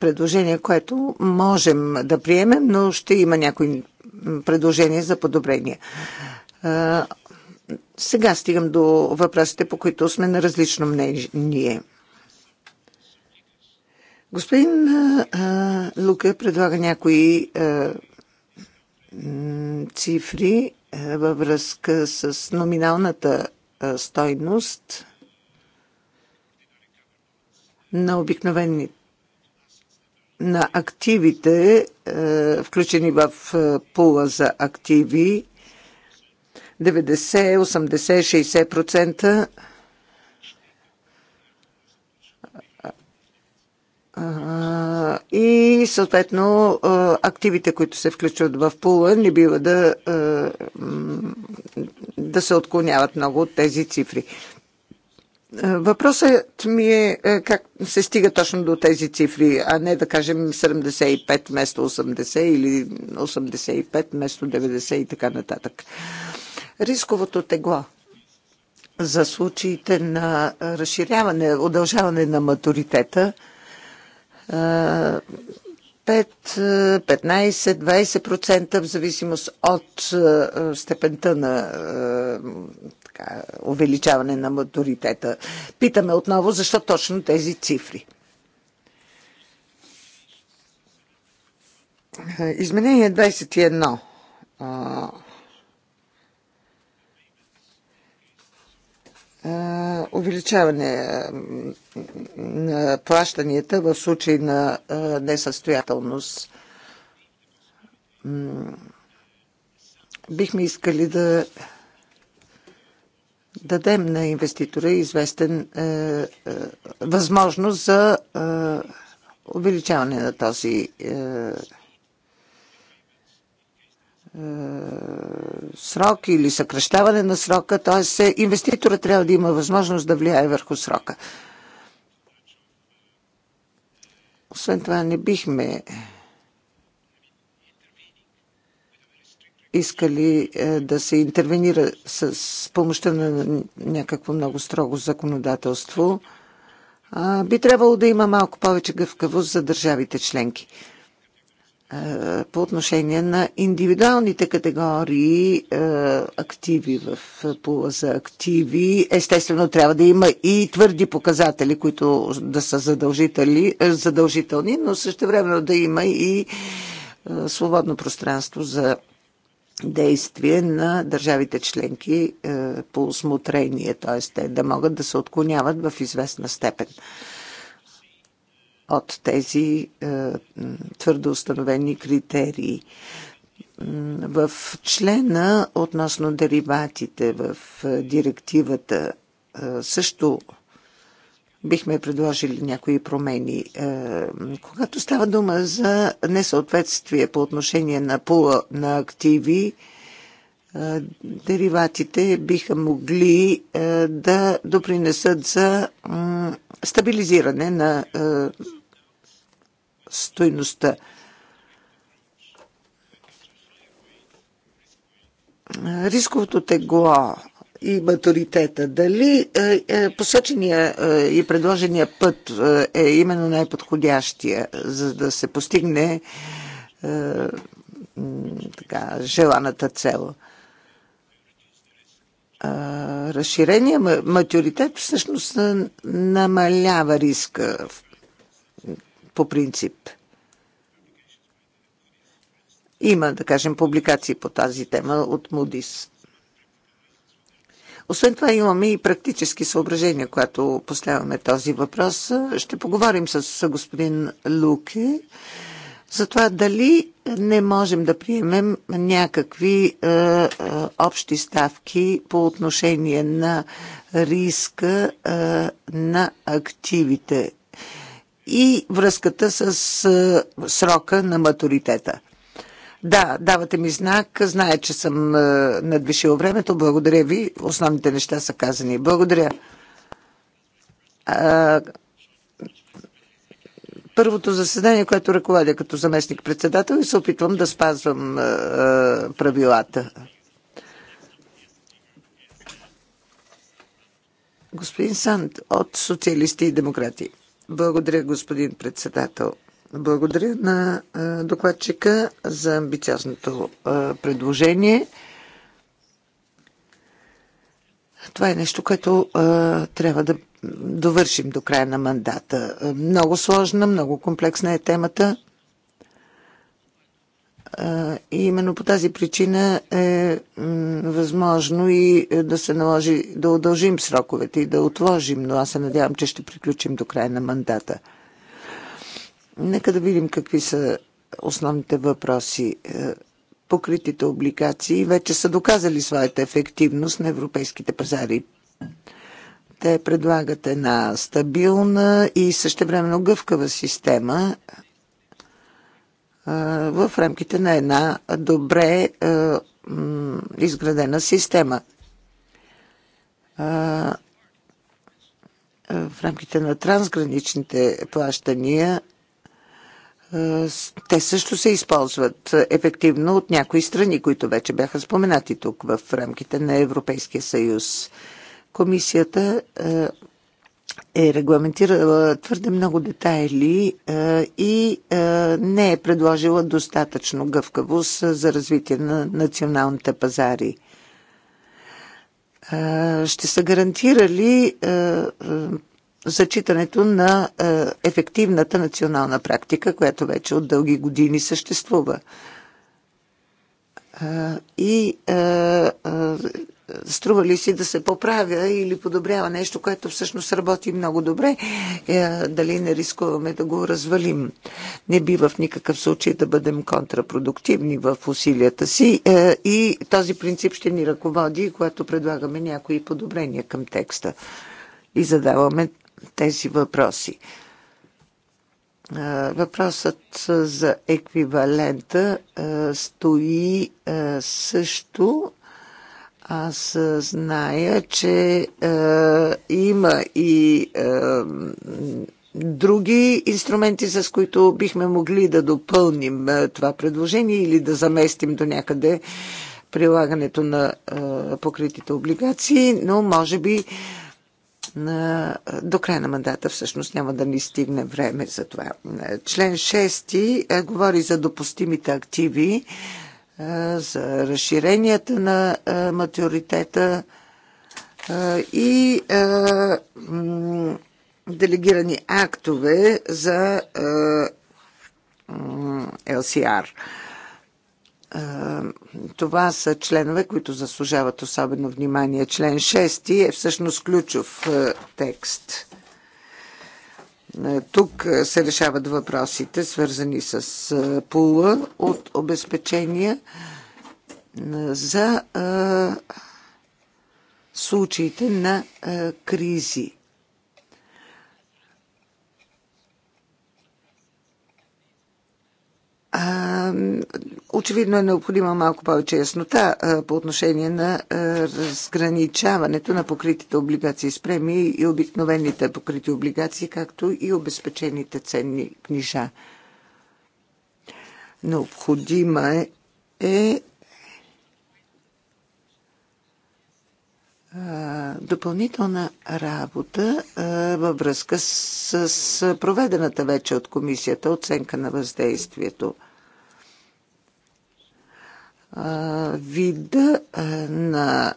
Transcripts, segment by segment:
предложение, което можем да приемем, но ще има някои предложения за подобрение. Сега стигам до въпросите, по които сме на различно мнение. Господин Лука предлага някои цифри във връзка с номиналната стойност на обикновените на активите, е, включени в е, пула за активи, 90, 80, 60% и съответно е, активите, които се включват в пула, не бива да, да се отклоняват много от тези цифри. Въпросът ми е, е как се стига точно до тези цифри, а не да кажем 75 вместо 80 или 85 вместо 90 и така нататък. Рисковото тегло за случаите на разширяване, удължаване на матуритета е, 5, 15-20% в зависимост от е, степента на е, така, увеличаване на матуритета. Питаме отново защо точно тези цифри. Е, изменение 21 увеличаване на плащанията в случай на несъстоятелност. Бихме искали да дадем на инвеститора известен възможност за увеличаване на този срок или съкръщаване на срока, т.е. инвеститора трябва да има възможност да влияе върху срока. Освен това, не бихме искали е, да се интервенира с помощта на някакво много строго законодателство. Би трябвало да има малко повече гъвкавост за държавите членки. Е, по отношение на индивидуалните категории е, активи в пула за активи. Естествено, трябва да има и твърди показатели, които да са е, задължителни, но също време да има и свободно пространство за действие на държавите членки по осмотрение, т.е. те да могат да се отклоняват в известна степен от тези е, твърдо установени критерии. В члена относно дериватите в е, директивата е, също бихме предложили някои промени. Когато става дума за несъответствие по отношение на пула на активи, дериватите биха могли да допринесат за стабилизиране на стойността. Рисковото тегло и матуритета. Дали е, е посочения е, и предложения път е, е именно най-подходящия, за да се постигне е, така, желаната цел? Е, Разширение матуритет всъщност намалява риска в по принцип. Има, да кажем, публикации по тази тема от Мудис. Освен това имаме и практически съображения, когато поставяме този въпрос. Ще поговорим с господин Луки за това дали не можем да приемем някакви е, е, общи ставки по отношение на риска е, на активите и връзката с срока на матуритета. Да, давате ми знак. Знае, че съм надвишил времето. Благодаря ви. Основните неща са казани. Благодаря. Първото заседание, което ръководя като заместник-председател и се опитвам да спазвам правилата. Господин Санд от Социалисти и Демократи. Благодаря, господин председател. Благодаря на докладчика за амбициозното предложение. Това е нещо, което трябва да довършим до края на мандата. Много сложна, много комплексна е темата. И именно по тази причина е възможно и да се наложи да удължим сроковете и да отложим, но аз се надявам, че ще приключим до края на мандата. Нека да видим какви са основните въпроси. Е, покритите облигации вече са доказали своята ефективност на европейските пазари. Те предлагат една стабилна и същевременно гъвкава система в рамките на една добре изградена система. В рамките на трансграничните плащания те също се използват ефективно от някои страни, които вече бяха споменати тук в рамките на Европейския съюз. Комисията е регламентирала твърде много детайли е, и е, не е предложила достатъчно гъвкавост за развитие на националните пазари. Е, ще са гарантирали зачитането на ефективната национална практика, която вече от дълги години съществува. И струва ли си да се поправя или подобрява нещо, което всъщност работи много добре, е, дали не рискуваме да го развалим. Не бива в никакъв случай да бъдем контрапродуктивни в усилията си е, и този принцип ще ни ръководи, когато предлагаме някои подобрения към текста и задаваме тези въпроси. Е, въпросът за еквивалента стои също аз зная, че е, има и е, други инструменти, с които бихме могли да допълним е, това предложение или да заместим до някъде прилагането на е, покритите облигации, но може би на, до края на мандата всъщност няма да ни стигне време за това. Член 6 е, говори за допустимите активи. Е, за разширенията на матюритета и делегирани актове за LCR. Това са членове, които заслужават особено внимание. Член 6 е всъщност ключов текст. Е, тук е, се решават въпросите, свързани с е, пула от обезпечения за случаите на кризи. Очевидно е необходима малко повече яснота по отношение на разграничаването на покритите облигации с премии и обикновените покрити облигации, както и обезпечените ценни книжа. Необходима е, е допълнителна работа във връзка с проведената вече от комисията оценка на въздействието – вида на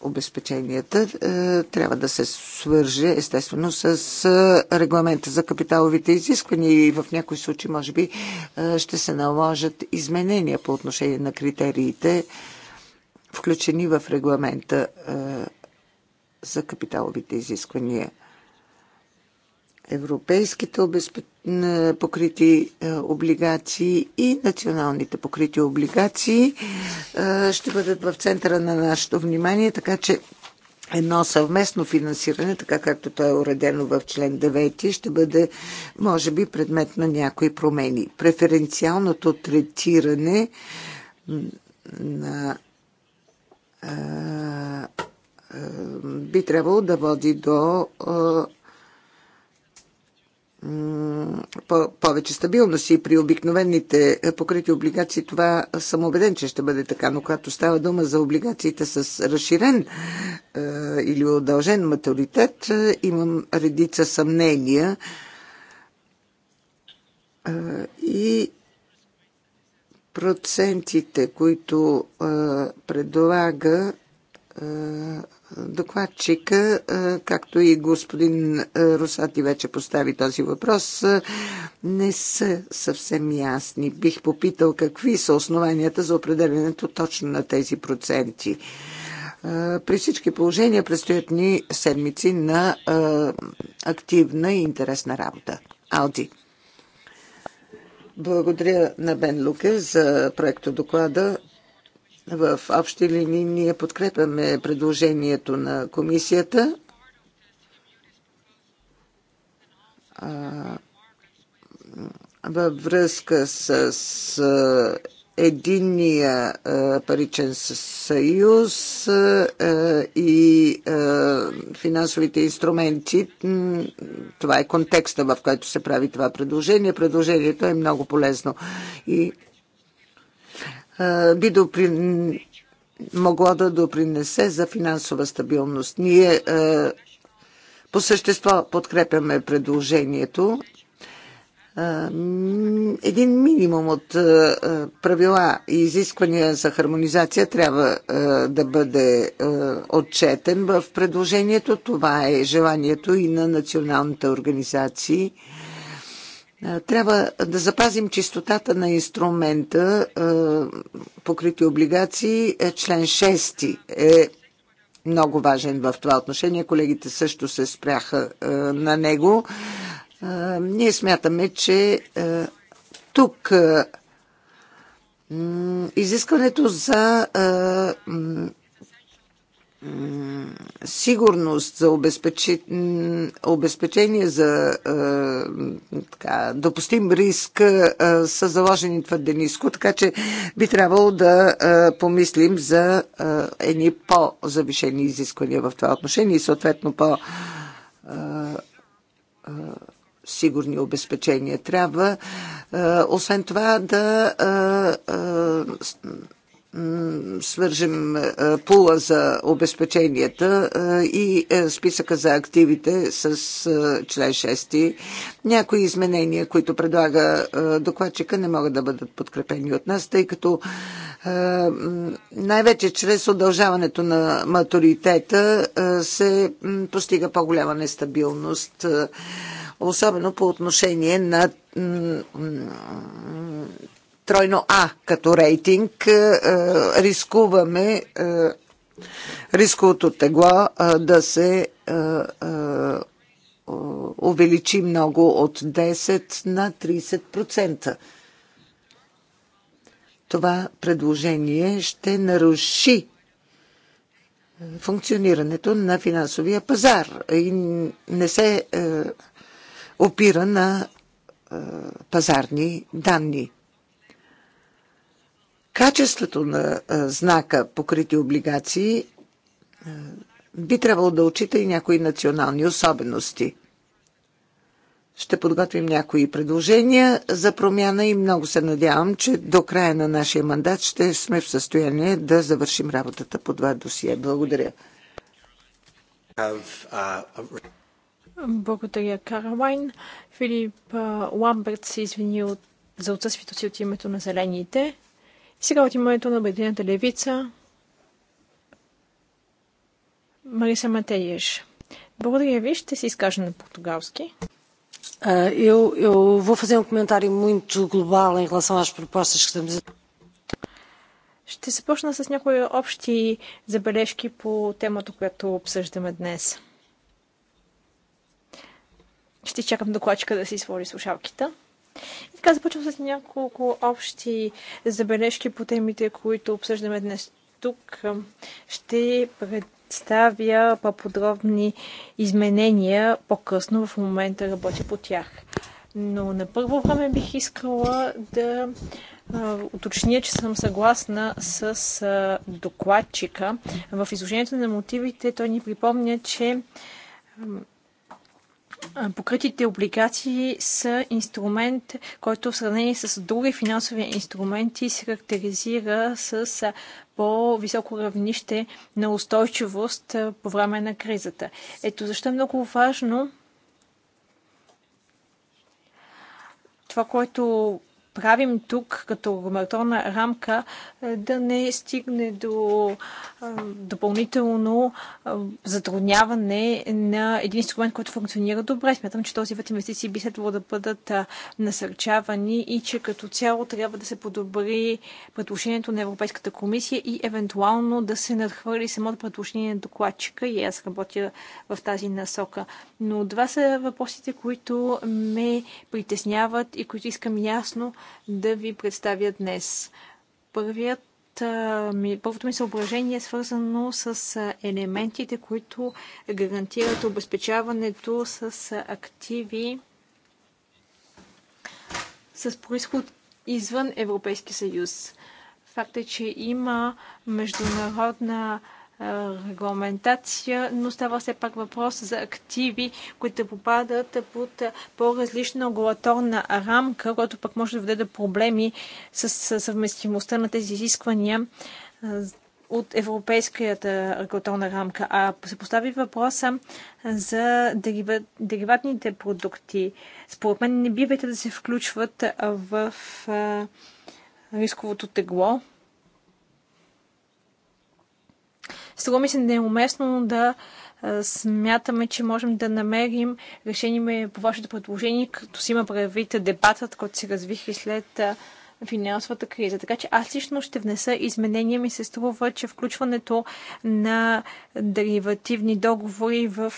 обезпеченията трябва да се свърже естествено с регламента за капиталовите изисквания и в някои случаи може би ще се наложат изменения по отношение на критериите, включени в регламента за капиталовите изисквания европейските покрити е, облигации и националните покрити облигации е, ще бъдат в центъра на нашето внимание, така че едно съвместно финансиране, така както то е уредено в член 9, ще бъде, може би, предмет на някои промени. Преференциалното третиране на е, би трябвало да води до по- повече стабилност и при обикновените е, покрити облигации това съм убеден, че ще бъде така, но когато става дума за облигациите с разширен е, или удължен матуритет, е, имам редица съмнения и процентите, които предлага докладчика, както и господин Русати вече постави този въпрос, не са съвсем ясни. Бих попитал какви са основанията за определенето точно на тези проценти. При всички положения предстоят ни седмици на активна и интересна работа. Алди. Благодаря на Бен Луке за проекто доклада в общи линии ние подкрепяме предложението на комисията. във връзка с, единния паричен съюз и финансовите инструменти. Това е контекста, в който се прави това предложение. Предложението е много полезно и би доприн... могло да допринесе за финансова стабилност. Ние по същество подкрепяме предложението. Един минимум от правила и изисквания за хармонизация трябва да бъде отчетен в предложението. Това е желанието и на националните организации – трябва да запазим чистотата на инструмента покрити облигации. Е, член 6 е много важен в това отношение. Колегите също се спряха на него. Ние смятаме, че тук изискването за сигурност, за обезпечение, за е, така, допустим риск е, са заложени твърде ниско, така че би трябвало да е, помислим за е, едни по-завишени изисквания в това отношение и съответно по- е, е, сигурни обезпечения. Трябва, е, освен това, да е, е, свържем е, пула за обезпеченията е, и е, списъка за активите с член 6. Някои изменения, които предлага докладчика, не могат да бъдат подкрепени от нас, тъй като най-вече чрез удължаването на матуритета се постига по-голяма нестабилност особено по отношение на тройно А като рейтинг, е, е, рискуваме е, рисковото тегло да се увеличи много от 10 на 30%. Това предложение ще наруши функционирането на финансовия пазар и не се опира на пазарни данни. Качеството на знака покрити облигации би трябвало да отчита и някои национални особености. Ще подготвим някои предложения за промяна и много се надявам, че до края на нашия мандат ще сме в състояние да завършим работата по два досие. Благодаря. Благодаря, Каравайн. Филип Ламберт се извини за отсъствието си от името на зелените. Сега от името на Обединената левица Мариса Матееш. Благодаря ви, ще се изкажа на португалски. eu, eu vou fazer um comentário muito global em relação às propostas que estamos a ще започна с някои общи забележки по темата, която обсъждаме днес. Ще чакам докладчика да си свори слушалките. И така започвам с няколко общи забележки по темите, които обсъждаме днес тук. Ще представя по-подробни изменения по-късно. В момента работя по тях. Но на първо време бих искала да уточня, че съм съгласна с докладчика. В изложението на мотивите той ни припомня, че Покритите облигации са инструмент, който в сравнение с други финансови инструменти се характеризира с по-високо равнище на устойчивост по време на кризата. Ето защо е много важно това, което правим тук като регуляторна рамка е, да не стигне до е, допълнително е, затрудняване на един инструмент, който функционира добре. Смятам, че този вид инвестиции би следвало да бъдат насърчавани и че като цяло трябва да се подобри предложението на Европейската комисия и евентуално да се надхвърли самото предложение на докладчика и аз работя в тази насока. Но два са въпросите, които ме притесняват и които искам ясно да ви представя днес. Първият първото ми съображение е свързано с елементите, които гарантират обезпечаването с активи с происход извън Европейски съюз. Факт е, че има международна регламентация, но става все пак въпрос за активи, които попадат под по-различна регулаторна рамка, която пък може да доведе до проблеми с съвместимостта на тези изисквания от европейската регулаторна рамка. А се постави въпроса за дериватните продукти. Според мен не бивайте да се включват в рисковото тегло, Сега ми се неуместно да смятаме, че можем да намерим решение по вашето предложение, като си има правите дебатът, който се развих и след финансовата криза. Така че аз лично ще внеса изменения. Ми се струва, че включването на деривативни договори в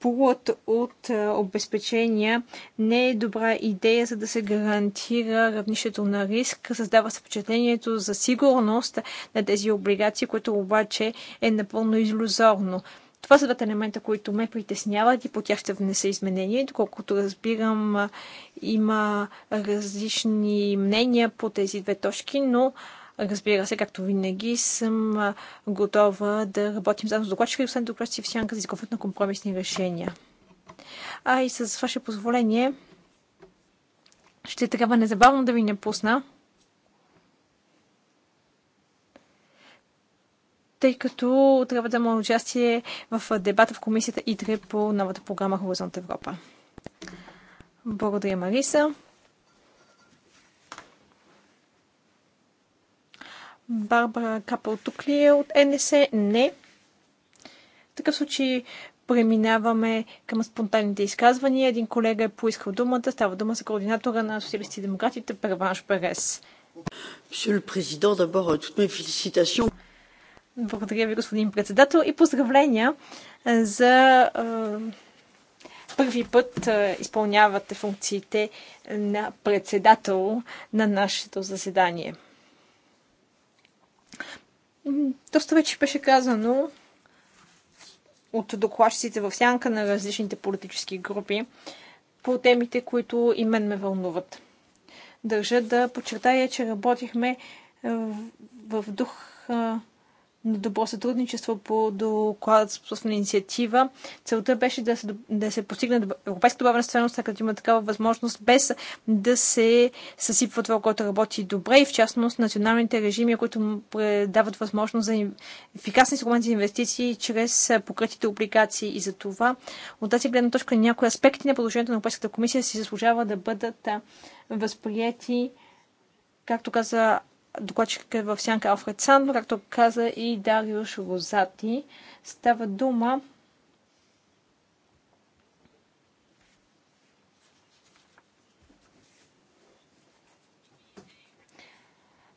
полът от е, обезпечения не е добра идея, за да се гарантира равнището на риск. Създава се впечатлението за сигурност на тези облигации, което обаче е напълно иллюзорно. Това са двата елемента, които ме притесняват и по тях ще внеса изменения. Доколкото разбирам, е, има различни мнения по тези две точки, но Разбира се, както винаги, съм готова да работим заедно с докладчика и освен докладчици в сянка за изготвят на компромисни решения. А и с ваше позволение ще трябва незабавно да ви не пусна, тъй като трябва да има участие в дебата в комисията ИТРЕ по новата програма Хоризонт Европа. Благодаря, Мариса. Барбара Капълтукли тук ли е от НС? Не. В такъв случай преминаваме към спонтанните изказвания. Един колега е поискал думата. Става дума за координатора на социалисти и демократите Перванш Перес. Euh, Благодаря ви, господин председател, и поздравления за е, първи път е, изпълнявате функциите на председател на нашето заседание. Доста вече беше казано от докладчиците в сянка на различните политически групи по темите, които и мен ме вълнуват. Държа да подчертая, че работихме в дух на добро сътрудничество по доклада с собствена инициатива. Целта беше да се, да се постигне европейска добавена стойност, като има такава възможност, без да се съсипва това, което работи добре и в частност националните режими, които дават възможност за ефикасни инструменти за инвестиции чрез покритите облигации. И за това от тази гледна точка някои аспекти на положението на Европейската комисия си заслужава да бъдат възприяти както каза докладчик е в Сянка Алфред Сандо, както каза и Дариуш Розати. Става дума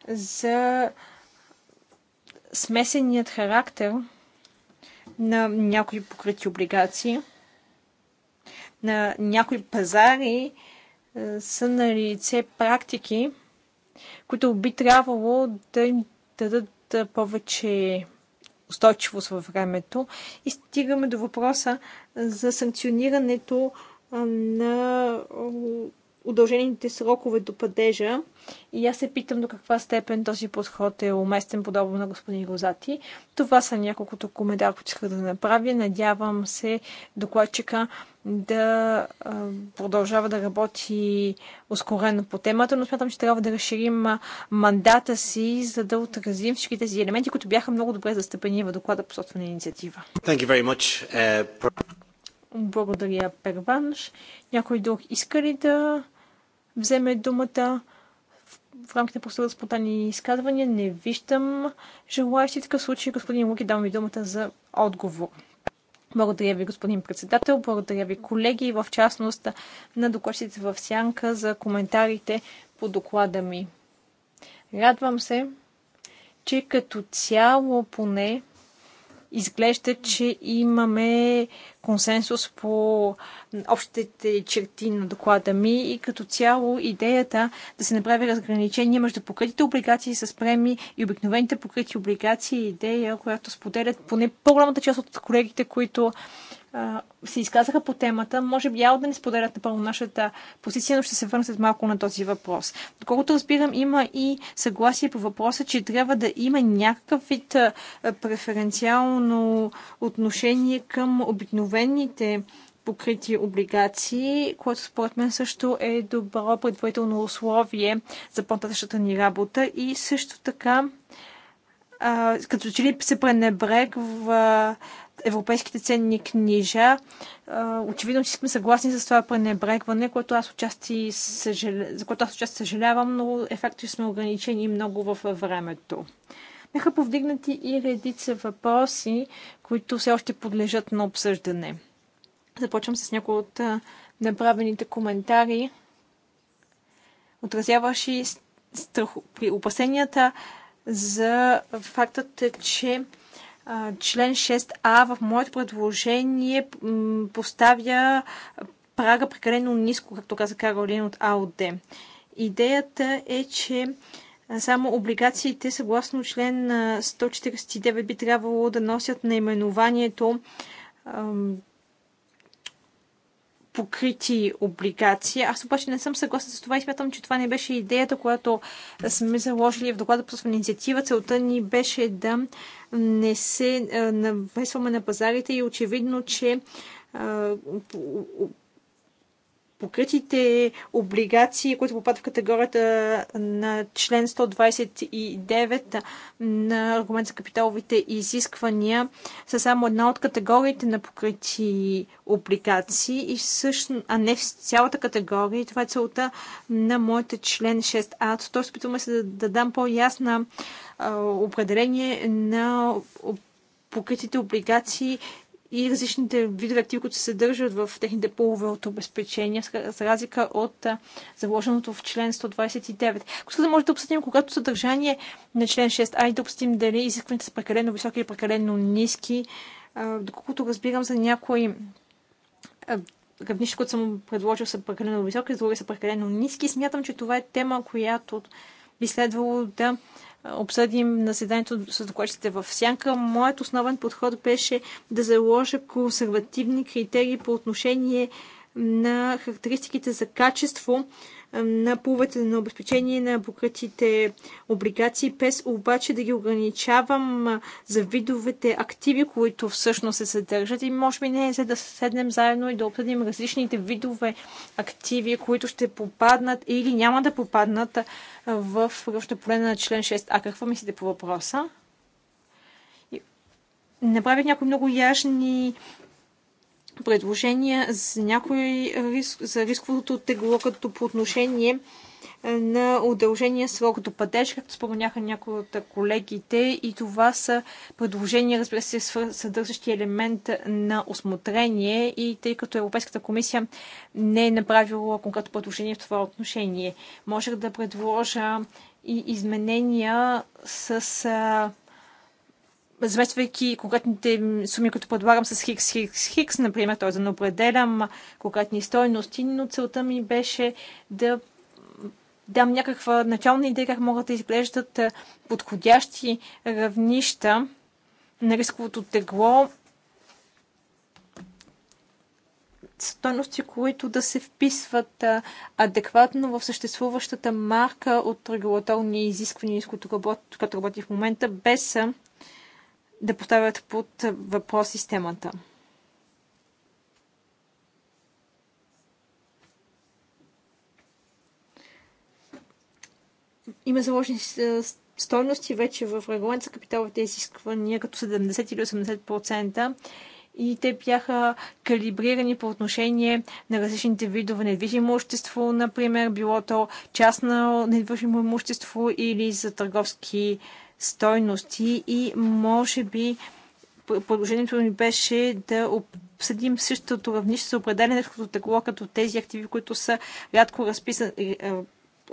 за смесеният характер на някои покрити облигации, на някои пазари е, са на лице практики, които би трябвало да им дадат повече устойчивост във времето. И стигаме до въпроса за санкционирането на удължените срокове до падежа. И аз се питам до каква степен този подход е уместен, подобно на господин Розати. Това са няколкото коментар, които исках да направя. Надявам се докладчика да продължава да работи ускорено по темата, но смятам, че трябва да разширим мандата си, за да отразим всички тези елементи, които бяха много добре застъпени в доклада по собствена инициатива. Uh, Благодаря, Перванш. Някой друг иска ли да вземе думата в рамките на процедура спонтанни изказвания. Не виждам желаящи такъв случай. Господин Луки, дам ви думата за отговор. Благодаря ви, господин председател. Благодаря ви, колеги, в частност на докладчиците в Сянка за коментарите по доклада ми. Радвам се, че като цяло поне изглежда, че имаме консенсус по общите черти на доклада ми и като цяло идеята да се направи разграничение между покритите облигации с преми и обикновените покрити облигации е идея, която споделят поне по-голямата част от колегите, които се изказаха по темата. Може би ял да не споделят напълно нашата позиция, но ще се върна след малко на този въпрос. Доколкото разбирам, има и съгласие по въпроса, че трябва да има някакъв вид преференциално отношение към обикновените покрити облигации, което според мен също е добро предварително условие за по-нататъчната ни работа и също така като че ли се пренебрегва европейските ценни книжа. Очевидно, че сме съгласни с това пренебрегване, което аз участи съжаля... за което аз отчасти съжалявам, но е факт, че сме ограничени много във времето. Бяха повдигнати и редица въпроси, които все още подлежат на обсъждане. Започвам с някои от направените коментари, отразяващи страх... опасенията за фактът, че член 6а в моето предложение поставя прага прекалено ниско, както каза Каролин от АОД. Идеята е, че само облигациите, съгласно член 149, би трябвало да носят наименованието покрити облигации. Аз обаче не съм съгласна с това и смятам, че това не беше идеята, която сме заложили в доклада по инициатива. Целта ни беше да не се навесваме на пазарите и е очевидно, че покритите облигации, които попадат в категорията на член 129 на аргумент за капиталовите изисквания, са само една от категориите на покрити облигации, и всъщност, а не в цялата категория. И това е целта на моята член 6А. Тоест, опитваме се да, да дам по-ясна определение на покритите облигации и различните видове активи, които се съдържат в техните полове от обезпечения, с разлика от заложеното в член 129. Ако да може да обсъдим, когато съдържание на член 6 ай и да обсъдим дали изискванията са прекалено високи или прекалено ниски, доколкото разбирам за някои равнища, които съм предложил, са прекалено високи, други са прекалено ниски. Смятам, че това е тема, която би следвало да обсъдим на седанието с докладчите в Сянка. Моят основен подход беше да заложа консервативни критерии по отношение на характеристиките за качество на пуловете на обезпечение на покритите облигации, без обаче да ги ограничавам за видовете активи, които всъщност се съдържат. И може би не е за да седнем заедно и да обсъдим различните видове активи, които ще попаднат или няма да попаднат в общото поле на член 6а. Какво мислите по въпроса? направих някои много ясни предложения за някои риск, за рисковото тегло, като по отношение е, на удължения срок до падеж, както споменяха някои от колегите. И това са предложения, разбира се, съдържащи елемент на осмотрение. И тъй като Европейската комисия не е направила конкретно предложение в това отношение, можех да предложа и изменения с размествайки конкретните суми, които предлагам с хикс, хикс, хикс, например, т.е. да не определям конкретни стоености, но целта ми беше да дам някаква начална идея как могат да изглеждат подходящи равнища на рисковото тегло, стойности, които да се вписват адекватно в съществуващата марка от регулаторни изисквания, с които работи в момента, без да поставят под въпрос системата. Има заложени е, стойности вече в регламент за капиталовите изисквания като 70 или 80% и те бяха калибрирани по отношение на различните видове недвижимо имущество, например, било то частно недвижимо имущество или за търговски стойности и може би предложението ми беше да обсъдим същото равнище за определенето като тегло, като тези активи, които са рядко разписани. Е, е,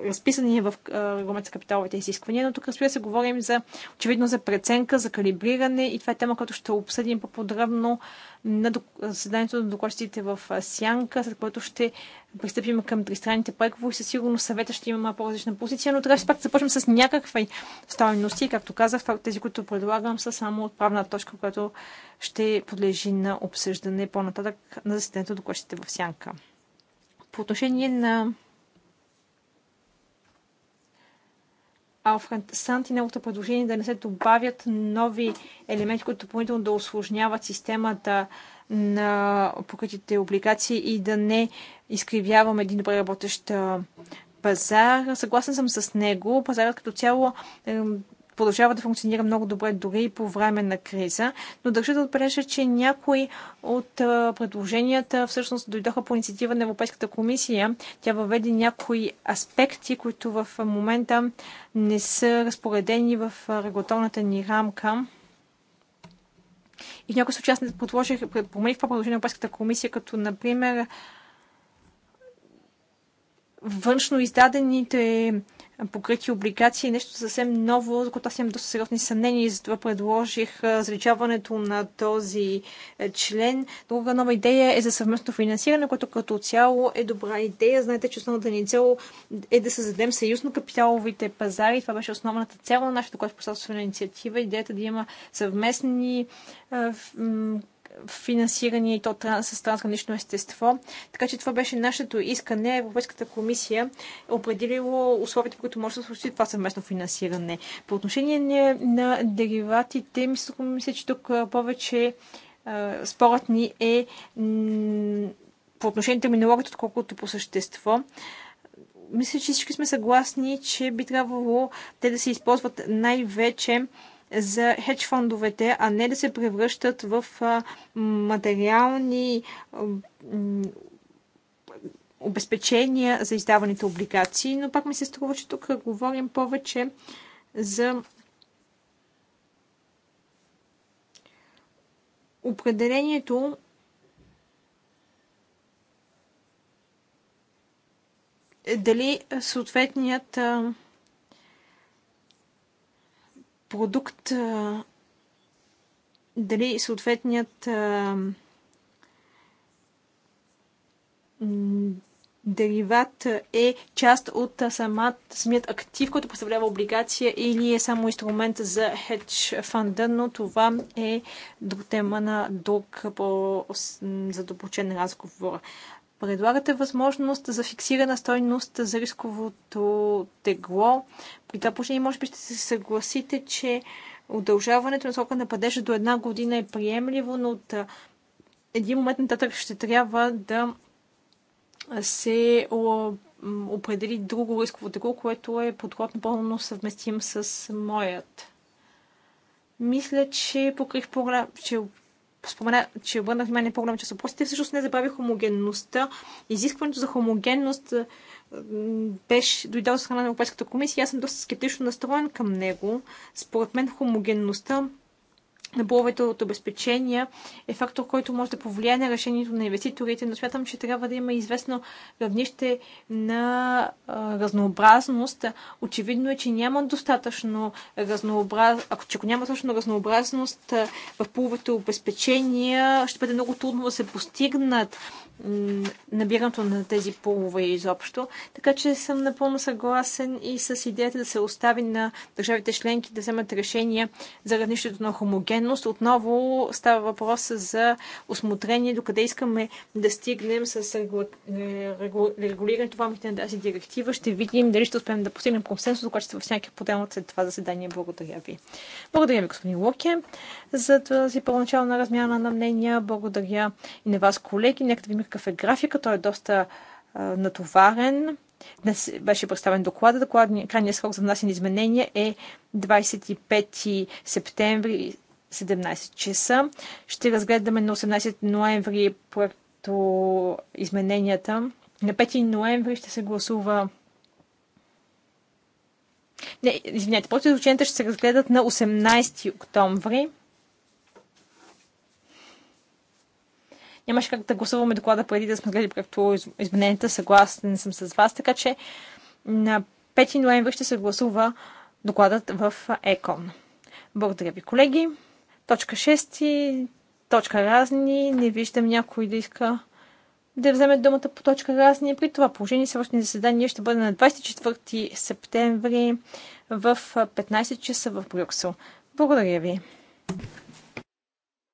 разписани в регламент за капиталовите изисквания, но тук разбира се говорим за, очевидно за преценка, за калибриране и това е тема, която ще обсъдим по-подробно на заседанието на докладчиците в Сянка, след което ще пристъпим към тристранните преговори. Със сигурност съвета ще има по-различна позиция, но трябва все пак да започнем с някакви стоености. Както казах, тези, които предлагам, са само от правна точка, която ще подлежи на обсъждане по-нататък на заседанието на докладчиците в Сянка. По отношение на Алфред Сант и неговото предложение да не се добавят нови елементи, които допълнително да осложняват системата на покритите облигации и да не изкривяваме един добре работещ пазар. Съгласен съм с него. Пазарът като цяло продължава да функционира много добре дори и по време на криза, но държа да отбележа, че някои от предложенията всъщност дойдоха по инициатива на Европейската комисия. Тя въведе някои аспекти, които в момента не са разпоредени в регулаторната ни рамка. И в някои случаи аз не подложих, промених това предложение на Европейската комисия, като, например, външно издадените покрити облигации е нещо съвсем ново, за което аз имам доста сериозни съмнения и затова предложих заличаването на този е, член. Друга нова идея е за съвместно финансиране, което като цяло е добра идея. Знаете, че основната ни цел е да създадем съюзно капиталовите пазари. Това беше основната цел на нашата, която е инициатива. Идеята е да има съвместни финансирани и то с трансгранично естество. Така че това беше нашето искане. Европейската комисия е определила условията, които може да случи това съвместно финансиране. По отношение на дериватите, мисля, мисля че тук повече спорът ни е по отношение на терминологията, отколкото по същество мисля, че всички сме съгласни, че би трябвало те да се използват най-вече за хедж фондовете, а не да се превръщат в материални обезпечения за издаваните облигации, но пак ми се струва, че тук говорим повече за определението дали съответният а, продукт, дали съответният дериват е част от самат, самият актив, който представлява облигация или е само инструмент за хедж фанда, но това е друг тема на друг по-задълбочен разговор. Предлагате възможност за фиксирана стойност за рисковото тегло. При това положение, може би ще се съгласите, че удължаването на срока на падежа до една година е приемливо, но от един момент нататък ще трябва да се определи друго рисково тегло, което е подход напълно съвместим с моят. Мисля, че покрих, че спомена, че обърнах внимание по-голяма част от въпросите, всъщност не забравих хомогенността. Изискването за хомогенност беше дойдал от страна на Европейската комисия. Аз съм доста скептично настроен към него. Според мен хомогенността на боровете от обезпечения е фактор, който може да повлияе на решението на инвеститорите, но смятам, че трябва да има известно равнище на а, разнообразност. Очевидно е, че няма достатъчно разнообразност. Ако, че ако няма достатъчно разнообразност а, в половете обезпечения, ще бъде много трудно да се постигнат набирането на тези полове изобщо. Така че съм напълно съгласен и с идеята да се остави на държавите членки да вземат решения за равнището на хомогенност. Отново става въпрос за осмотрение до къде искаме да стигнем с регулирането в рамките на тази директива. Ще видим дали ще успеем да постигнем консенсус, който ще във всяки поделно след това заседание. Благодаря ви. Благодаря ви, господин Локе, за тази първоначална размяна на мнения. Благодаря и на вас, колеги. Нека да ви какъв е графика. Той е доста а, натоварен. Днес беше представен доклада. доклад. Крайният срок за внасяне изменения е 25 септември 17 часа. Ще разгледаме на 18 ноември проекто измененията. На 5 ноември ще се гласува не, извинете, проекто изученията ще се разгледат на 18 октомври. нямаше как да гласуваме доклада преди да сме гледали както измененията. Съгласен съм с вас, така че на 5 ноември ще се гласува докладът в ЕКОН. Благодаря ви, колеги. Точка 6, точка разни. Не виждам някой да иска да вземе думата по точка разни. При това положение съвършни заседание ще бъде на 24 септември в 15 часа в Брюксел. Благодаря ви.